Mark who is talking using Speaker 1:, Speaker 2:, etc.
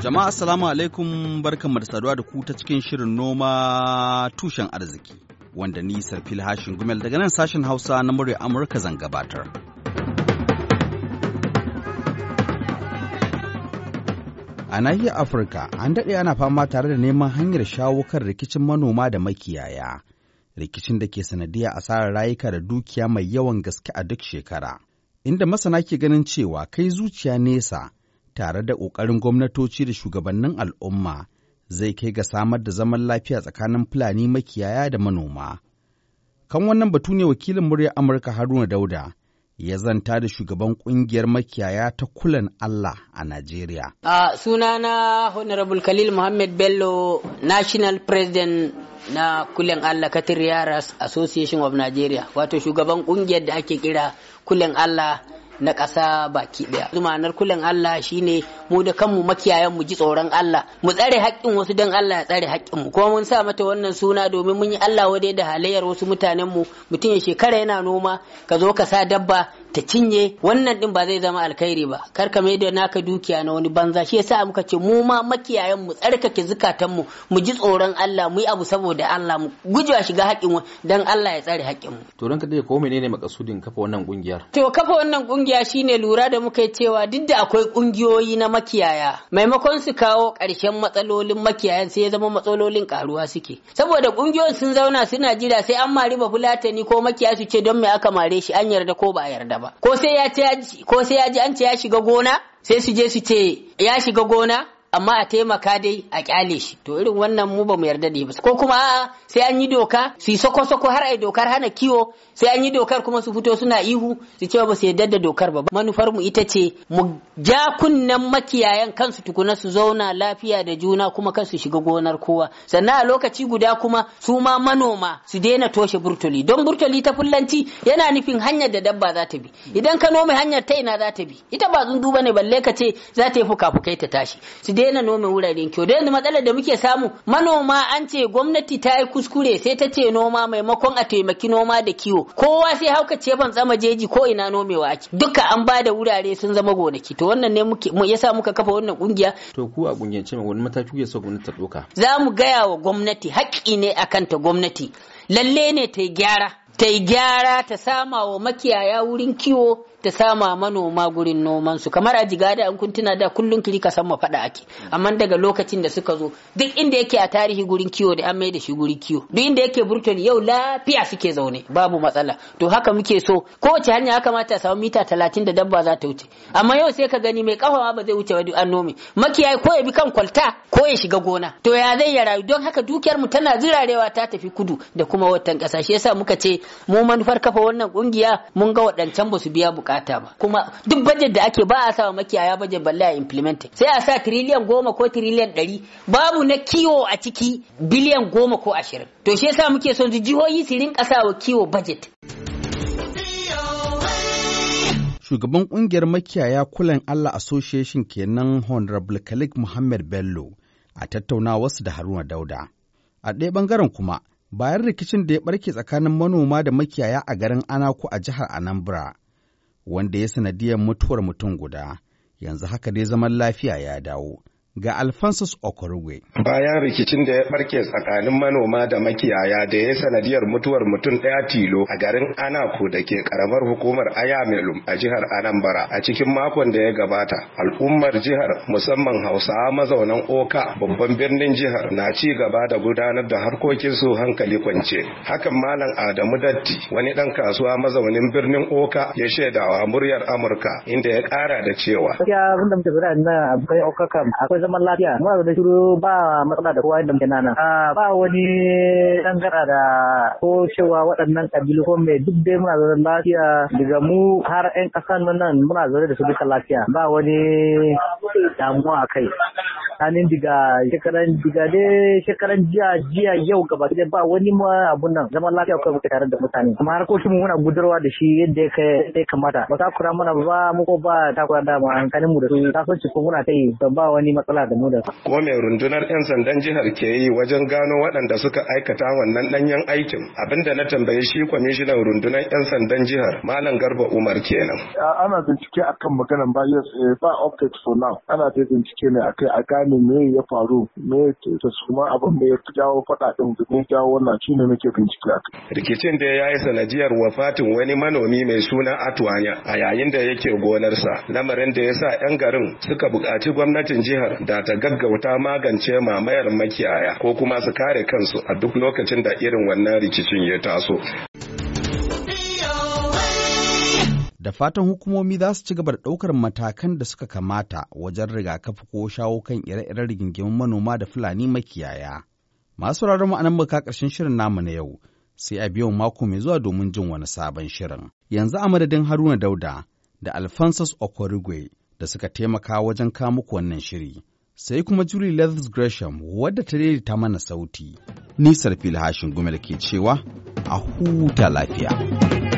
Speaker 1: Jama'a assalamu alaikum barkanmu da saduwa da ku ta cikin shirin noma tushen arziki wanda ni Sarfil Hashin Gumel daga nan sashen Hausa na murya Amurka zan gabatar. A nahiyar Afirka an daɗe ana fama tare da neman hanyar shawo kan rikicin manoma da makiyaya, rikicin da ke sanadiyar asarar rayuka da dukiya mai yawan gaske a duk shekara, inda masana ke ganin cewa kai zuciya nesa tare da ƙoƙarin gwamnatoci da shugabannin al'umma zai kai ga samar da zaman lafiya tsakanin Fulani makiyaya da manoma. Kan wannan batu ne wakilin muryar Amurka Haruna Dauda ya zanta da shugaban ƙungiyar makiyaya ta kulan Allah a Najeriya.
Speaker 2: A na sunana Honorable Khalil Muhammad Bello, National President na kulen Allah Katir Yaras Association of Nigeria, wato shugaban ƙungiyar da ake kira kulen Allah na ƙasa baki ɗaya. Zumanar kullum Allah shine mu da kanmu makiyayan mu ji tsoron Allah mu tsare haƙƙin wasu don Allah ya tsare haƙƙin mu kuma mun sa mata wannan suna domin mun yi Allah wadai da halayyar wasu mutanen mu mutum ya shekara yana noma ka zo ka sa dabba ta cinye wannan din ba zai zama alkhairi ba kar ka mai da naka dukiya na wani banza shi yasa muka ce mu ma makiyayan mu tsarkake zukatan mu mu ji tsoron Allah mu yi abu saboda Allah mu gujewa shiga haƙin dan Allah ya tsare haƙin mu
Speaker 1: to ranka dai ko menene makasudin kafa wannan kungiyar
Speaker 2: to kafa wannan kungiya shine lura da muka cewa duk da akwai kungiyoyi na makiyaya maimakon su kawo ƙarshen matsalolin makiyayan sai ya zama matsalolin karuwa suke saboda kungiyoyin sun zauna suna jira sai an mari ba fulatani ko makiyaya su ce don me aka mare shi an yarda ko ba a yarda ba ko sai ya ko sai ya ji an ce ya shiga gona sai su je su ce ya shiga gona amma a taimaka dai a kyale shi to irin wannan mu ba mu yarda da ba ko kuma sai an yi doka su soko soko har ai dokar hana kiwo sai an yi dokar kuma su fito suna ihu su ce ba su yarda da dokar ba manufar mu ita ce mu ja kunnen makiyayan kansu tukuna su zauna lafiya da juna kuma kan su shiga gonar kowa sannan a lokaci guda kuma su ma manoma su daina toshe burtuli don burtuli ta fullanci yana nufin hanyar da dabba za ta bi idan ka nome hanyar ta ina za ta bi ita ba zundu bane balle ka ce za ta yi fuka-fukai ta tashi daina nome wuraren kyau da yanzu matsalar da muke samu manoma an ce gwamnati ta yi kuskure sai ta ce noma maimakon a taimaki noma da kiwo kowa sai hauka ce ban tsama jeji ko ina nomewa ake duka an ba da wurare sun zama gonaki to wannan ne muke yasa muka kafa wannan kungiya to ku a ce wani mataki kuke so gwamnati ta doka za mu gaya wa gwamnati haƙƙi ne akan ta gwamnati lalle ne ta gyara ta gyara ta sama wa makiyaya wurin kiwo ta sama manoma gurin noman su kamar a jigada an kun da kullun kiri ka san ma fada ake amma daga lokacin da suka zo duk inda yake a tarihi gurin kiwo da an mai da shi gurin kiwo duk inda yake burtoli yau lafiya suke zaune babu matsala to haka muke so kowace hanya ya kamata a samu mita talatin da dabba za ta wuce amma yau sai ka gani mai kafa ma ba zai wuce duk an nome makiyayi ko ya bi kan kwalta ko ya shiga gona to ya zai ya rayu don haka dukiyar mu tana zirarewa ta tafi kudu da kuma watan kasa shi yasa muka ce mu manufar kafa wannan kungiya mun ga waɗancan ba su biya bukata bukata ba kuma duk budget da ake ba a sa makiyaya budget balle a implement sai a sa trillion goma ko trillion ɗari babu na kiwo a ciki biliyan goma ko ashirin to shi yasa muke son jihohi su rinka sa wa kiwo budget
Speaker 1: shugaban kungiyar makiyaya kulan Allah Association kenan Honorable Khalid Muhammad Bello a tattauna wasu da Haruna Dauda. A ɗaya bangaren kuma, bayan rikicin da ya ɓarke tsakanin manoma da makiyaya a garin Anako a jihar Anambra, wanda ya sanadiyar mutuwar mutum guda, yanzu haka dai zaman lafiya ya dawo, ga Alphonsus Okorogwe.
Speaker 3: Bayan rikicin da ya barke tsakanin manoma da makiyaya da ya sanadiyar mutuwar mutum ɗaya tilo a garin Anako da ke karamar hukumar Ayamelum a jihar Anambra a cikin makon da ya gabata, al'ummar jihar musamman Hausawa mazaunan Oka babban birnin jihar na ci gaba da gudanar da harkokin su hankali kwance. Hakan Malam Adamu Datti wani ɗan kasuwa mazaunin birnin Oka ya shaidawa muryar Amurka inda ya ƙara da cewa.
Speaker 2: ya abin da akwai zaman lafiya muna da shiru ba matsala da kowa yadda muke A ah, ba wani dangara da ko cewa waɗannan kabilu ko mai duk dai muna zaune lafiya daga mu har ƴan ƙasan nan muna zaune da su duka lafiya ba wani damuwa a kai tsakanin diga shekaran diga dai shekaran jiya jiya yau gaba ɗaya ba wani ma abun nan zaman lafiya kawai muke tare da mutane kuma ko shi muna gudarwa da shi yadda ya kamata ba kura mana ba mu ko ba kura da mu hankalin mu da su ci ko muna ta yi ba wani matsala matsala da mu da
Speaker 3: Ko mai rundunar 'yan sandan jihar ke yi wajen gano waɗanda suka aikata wannan ɗanyen aikin abinda na tambayi shi kwamishinan rundunar 'yan sandan jihar Malam Garba Umar kenan. Ana bincike akan maganan ba yes eh, ba update for now ana ta bincike ne akai a gane me ya faru me ta suma abin da ya jawo faɗa ɗin da ya jawo wannan shi ne muke bincike akai. Rikicin da ya yi sanadiyar wafatin wani manomi mai suna Atuwanya a yayin da yake gonarsa lamarin da ya sa 'yan garin suka buƙaci gwamnatin jihar da ta gaggauta magance mamayar makiyaya ko kuma su kare kansu a duk lokacin da irin wannan rikicin ya taso.
Speaker 1: Da fatan hukumomi za su ci gaba da ɗaukar matakan da suka kamata wajen rigakafi ko shawo kan ire-iren rigingimin manoma da Fulani makiyaya. Masu mu ma'anar muka ƙarshen shirin namu na yau, sai a biyan mako mai zuwa domin jin wani sabon shirin. Yanzu a madadin Haruna Dauda da Alphonsus Okorigwe da suka taimaka wajen kamuku wannan shiri. sai kuma Julie Leathers Gresham wadda ta daidaita mana sauti. Nisar filhashin gumel ke cewa a huta lafiya.